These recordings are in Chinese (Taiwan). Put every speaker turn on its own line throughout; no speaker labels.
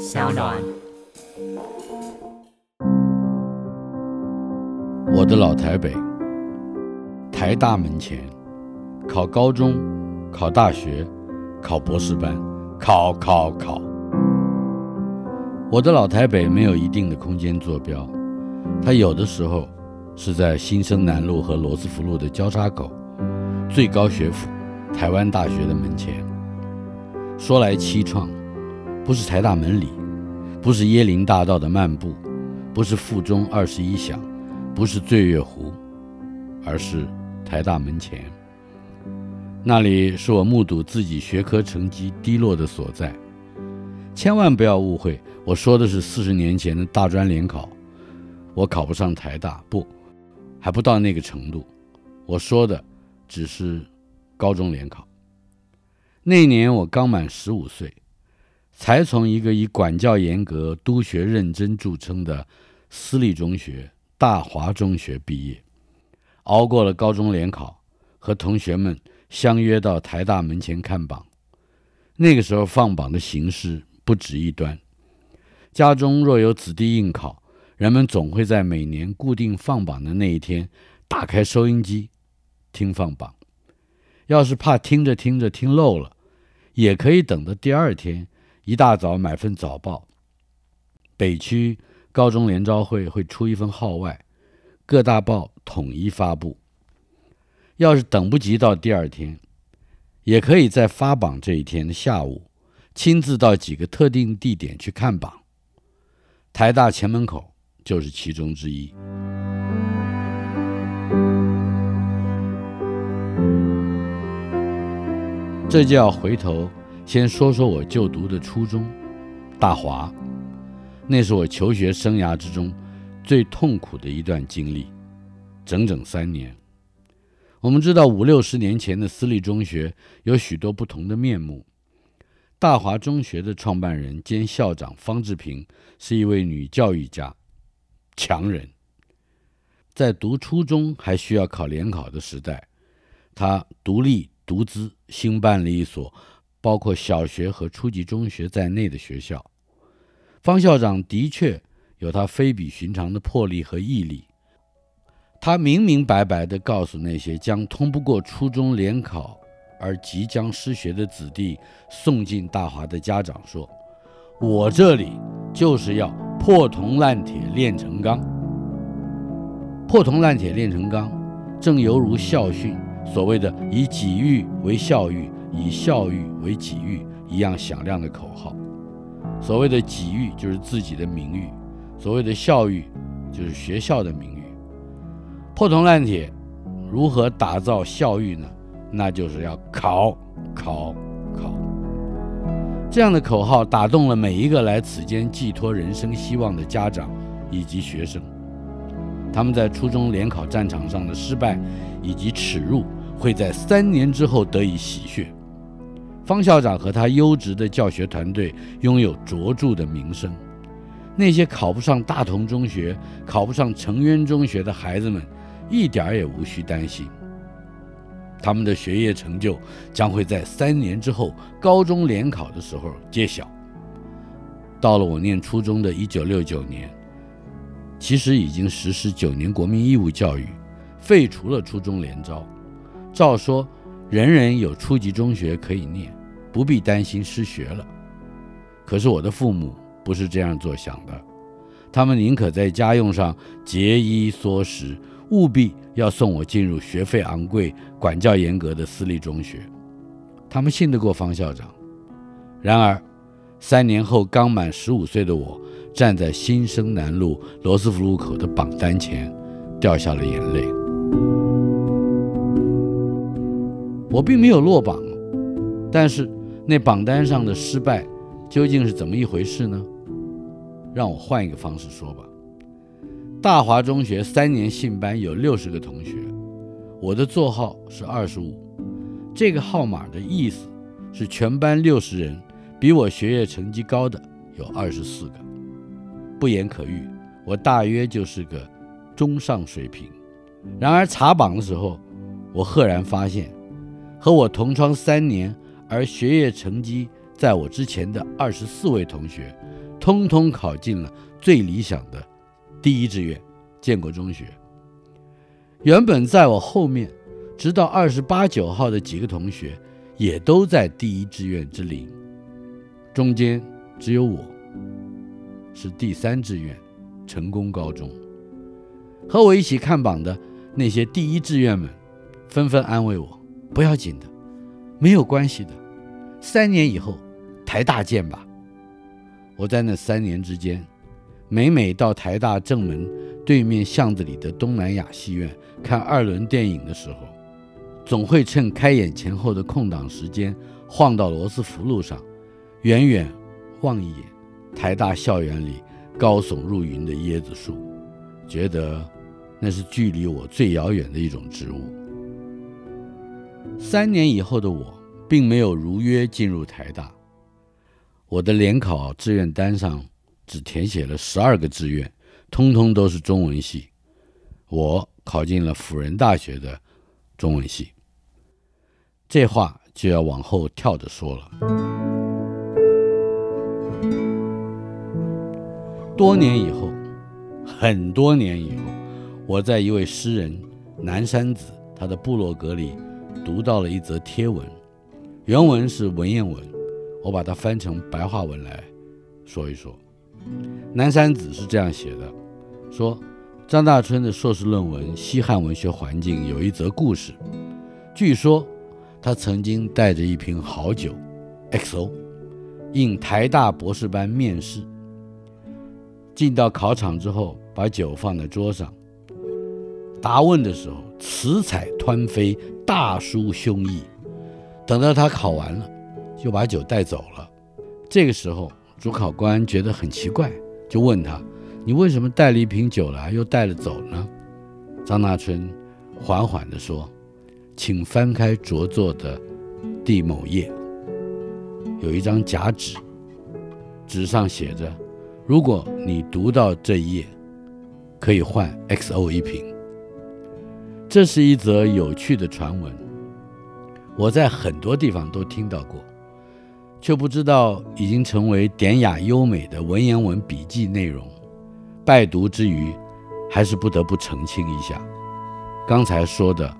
Sound On。我的老台北，台大門前，考高中，考大學，考博士班，考考考。我的老台北，沒有一定的空間坐標，它有的時候是在新生南路和羅斯福路的交叉口，最高學府台灣大學的門前。說來淒愴。不是台大門裡，不是椰林大道的漫步，不是附中二十一巷，不是醉月湖，而是台大門前。那裡是我目睹自己學科成績低落的所在。千萬不要誤會，我說的是四十年前的大專聯考，我考不上台大，不，還不到那個程度。我說的，只是高中聯考。那一年我剛滿十五歲。才從一個以管教嚴格、督學認真著稱的私立中學——大華中學畢業，熬過了高中聯考，和同學們相約到台大門前看榜。那個時候放榜的形式不止一端。家中若有子弟應考，人們總會在每年固定放榜的那一天打開收音機聽放榜。要是怕聽着聽着聽漏了，也可以等到第二天。一大早買份早報，北區高中聯招會會出一份號外，各大報統一發布。要是等不及到第二天，也可以在發榜這一天的下午，親自到幾個特定地點去看榜。台大前門口就是其中之一。這叫回頭。先說說我就讀的初中，大華，那是我求學生涯之中最痛苦的一段經歷，整整三年。我們知道五六十年前的私立中學有許多不同的面目。大華中學的創辦人兼校長方志平是一位女教育家，強人。在讀初中還需要考聯考的時代，她獨立獨資興辦了一所，包括小學和初級中學在內的學校，方校長的確有他非比尋常的魄力和毅力。他明明白白地告訴那些將通不過初中聯考而即將失學的子弟送進大華的家長說：“我這裡就是要破銅爛鐵煉成鋼。破銅爛鐵煉成鋼，正猶如校訓所謂的‘以己欲為校欲。’以校譽為己譽，一樣響亮的口號。所謂的己譽就是自己的名譽，所謂的校譽就是學校的名譽。破銅爛鐵，如何打造校譽呢？那就是要考，考，考。這樣的口號打動了每一個來此間寄托人生希望的家長以及學生。他們在初中聯考戰場上的失敗以及恥辱，會在三年之後得以洗雪。方校長和他優質的教學團隊擁有卓著的名聲。那些考不上大同中學、考不上成淵中學的孩子們，一點兒也無需擔心。他們的學業成就將會在三年之後高中聯考的時候揭曉。到了我念初中的一九六九年，其實已經實施九年國民義務教育，廢除了初中聯招。照說，人人有初級中學可以念。不必擔心失學了。可是我的父母不是這樣做想的，他們寧可在家用上節衣縮食，務必要送我進入學費昂貴、管教嚴格的私立中學。他們信得過方校長。然而，三年後剛滿十五歲的我，站在新生南路羅斯福路口的榜單前，掉下了眼淚。我並沒有落榜，但是。那榜單上的失敗，究竟是怎麼一回事呢？讓我換一個方式說吧。大華中學三年信班有六十個同學，我的座號是二十五。這個號碼的意思是，全班六十人，比我學業成績高的有二十四個。不言可喻，我大約就是個中上水平。然而查榜的時候，我赫然發現，和我同窗三年，而學業成績在我之前的二十四位同學，通通考進了最理想的，第一志願建國中學。原本在我後面，直到二十八九號的幾個同學，也都在第一志願之林，中間只有我是第三志願，成功高中。和我一起看榜的那些第一志願們，紛紛安慰我：“不要緊的，沒有關係的。”三年以後，台大見吧。我在那三年之間，每每到台大正門對面巷子裡的東南亞戲院看二輪電影的時候，總會趁開演前後的空檔時間，晃到羅斯福路上，遠遠望一眼台大校園裡高聳入雲的椰子樹，覺得那是距離我最遙遠的一種植物。三年以後的我。並沒有如約進入台大。我的聯考志願單上只填寫了十二個志願，通通都是中文系。我考進了輔仁大學的中文系。這話就要往後跳着說了。多年以後，很多年以後，我在一位詩人南山子他的部落格裡讀到了一則貼文。原文是文言文，我把它翻成白話文來說一說。南山子是這樣寫的：說張大春的碩士論文《西漢文學環境》有一則故事，據說他曾經帶着一瓶好酒，XO，應台大博士班面試。進到考場之後，把酒放在桌上，答問的時候詞彩湍飛，大抒胸臆。等到他考完了，就把酒帶走了。這個時候，主考官覺得很奇怪，就問他：“你為什麼帶了一瓶酒來，又帶了走了呢？”張大春緩緩地說：“請翻開拙作的第某頁，有一張假紙，紙上寫着：如果你讀到這一頁，可以換 XO 一瓶。”這是一則有趣的傳聞。我在很多地方都聽到過，卻不知道已經成為典雅優美的文言文筆記內容。拜讀之餘，還是不得不澄清一下：剛才說的，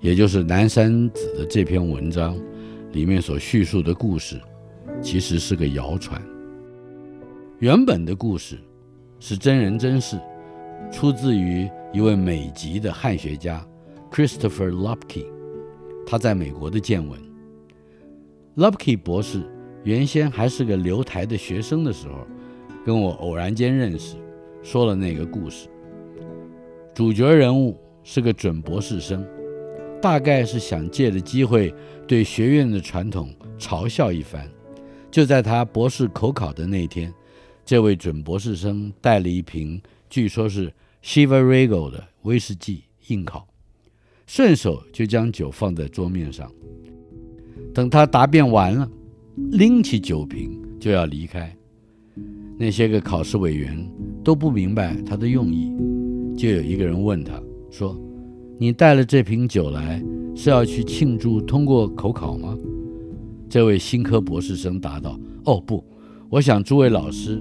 也就是《南山子》的這篇文章裡面所敘述的故事，其實是個謠傳。原本的故事是真人真事，出自於一位美籍的漢學家 Christopher Lupke。他在美國的見聞。Lobky 博士原先還是個留台的學生的時候，跟我偶然間認識，說了那個故事。主角人物是個準博士生，大概是想借着機會對學院的傳統嘲笑一番。就在他博士口考的那天，這位準博士生帶了一瓶據說是 Chivas Regal 的威士忌應考。順手就將酒放在桌面上，等他答辯完了，拎起酒瓶，就要離開。那些個考試委員都不明白他的用意，就有一個人問他說：“你帶了這瓶酒來是要去慶祝通過口考嗎？”這位新科博士生答道：“哦，不，我想諸位老師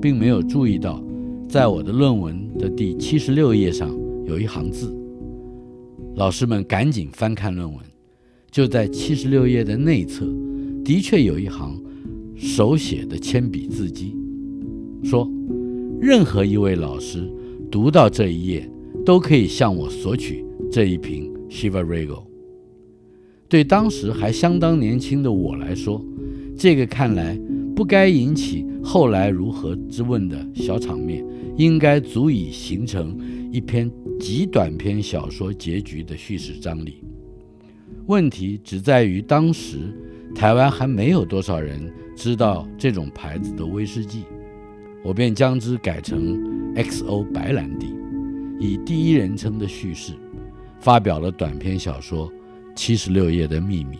並沒有注意到，在我的論文的第七十六頁上有一行字。”老師們趕緊翻看論文，就在七十六頁的內側，的確有一行手寫的鉛筆字跡，說：“任何一位老師讀到這一頁，都可以向我索取這一瓶 Chivas Regal。”對當時還相當年輕的我來說，這個看來不該引起。後來如何質問的小場面，應該足以形成一篇極短篇小說結局的敘事張力。問題只在於當時台灣還沒有多少人知道這種牌子的威士忌，我便將之改成 XO 白蘭地，以第一人稱的敘事，發表了短篇小說《七十六頁的秘密》。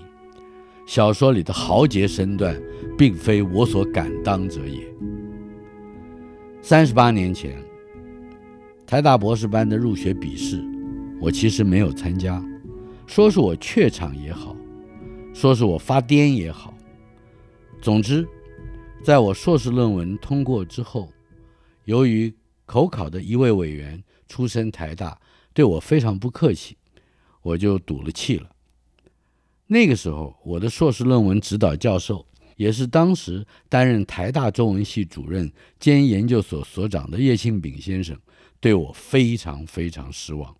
小說裡的豪傑身段，並非我所敢當者也。三十八年前，台大博士班的入學筆試，我其實沒有參加。說是我怯場也好，說是我發癲也好，總之，在我碩士論文通過之後，由於口考的一位委員出身台大，對我非常不客氣，我就賭了氣了。那個時候，我的碩士論文指導教授，也是當時擔任台大中文系主任兼研究所所長的葉慶炳先生，對我非常非常失望。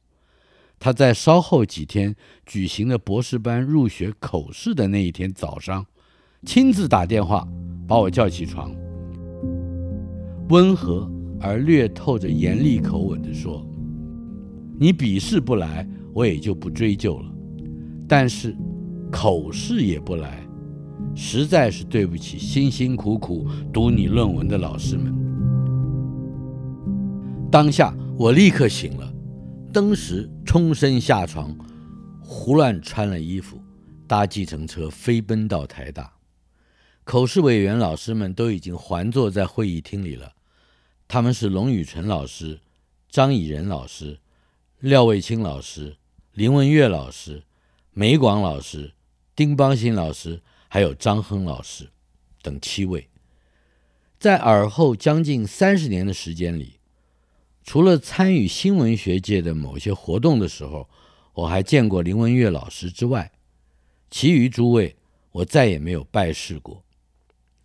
他在稍後幾天舉行的博士班入學口試的那一天早上，親自打電話把我叫起床，溫和而略透着嚴厲口吻地說：“你筆試不來，我也就不追究了。但是。”口試也不來，實在是對不起辛辛苦苦讀你論文的老師們。當下我立刻醒了，登時衝身下床，胡亂穿了衣服，搭計程車飛奔到台大。口試委員老師們都已經環坐在會議廳裡了，他們是龍宇純老師、張以仁老師、廖衛清老師、林文月老師、梅廣老師。丁邦新老師、還有張亨老師等七位，在爾後將近三十年的時間裡，除了參與新聞學界的某些活動的時候，我還見過林文月老師之外，其餘諸位我再也沒有拜識過，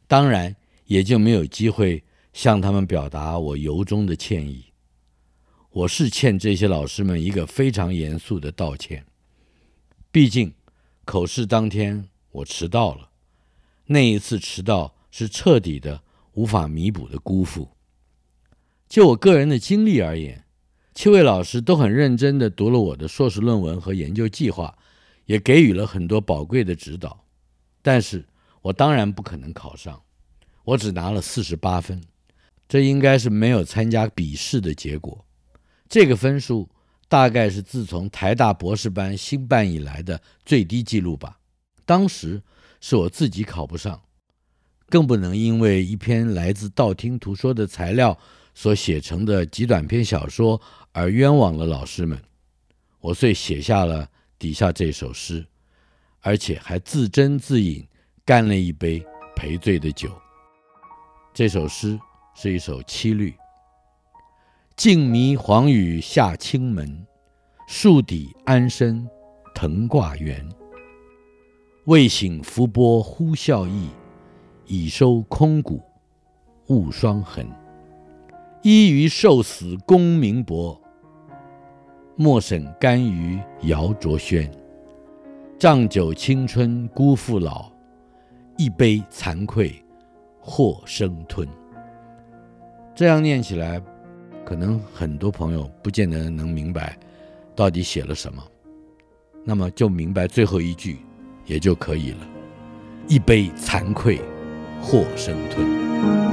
當然也就沒有機會向他們表達我由衷的歉意。我是欠這些老師們一個非常嚴肅的道歉，畢竟。口試當天，我遲到了。那一次遲到是徹底的、無法彌補的辜負。就我個人的經歷而言，七位老師都很認真的讀了我的碩士論文和研究計劃，也給予了很多寶貴的指導。但是我當然不可能考上，我只拿了四十八分，這應該是沒有參加筆試的結果。這個分數。大概是自從台大博士班新辦以來的最低紀錄吧。當時是我自己考不上，更不能因為一篇來自道聽途說的材料所寫成的極短篇小說而冤枉了老師們。我遂寫下了底下這首詩，而且還自斟自飲，乾了一杯賠罪的酒。這首詩是一首七律。靜謐黃雨下青門，樹底安身，藤掛援。未醒浮波忽嘯意，已收空谷霧霜痕。一於受死功名薄，莫審甘於搖卓軒。仗酒青春辜負老，一杯慚愧或生吞。這樣念起來。可能很多朋友不見得能明白到底寫了什麼，那麼就明白最後一句也就可以了。一杯慚愧，禍生吞。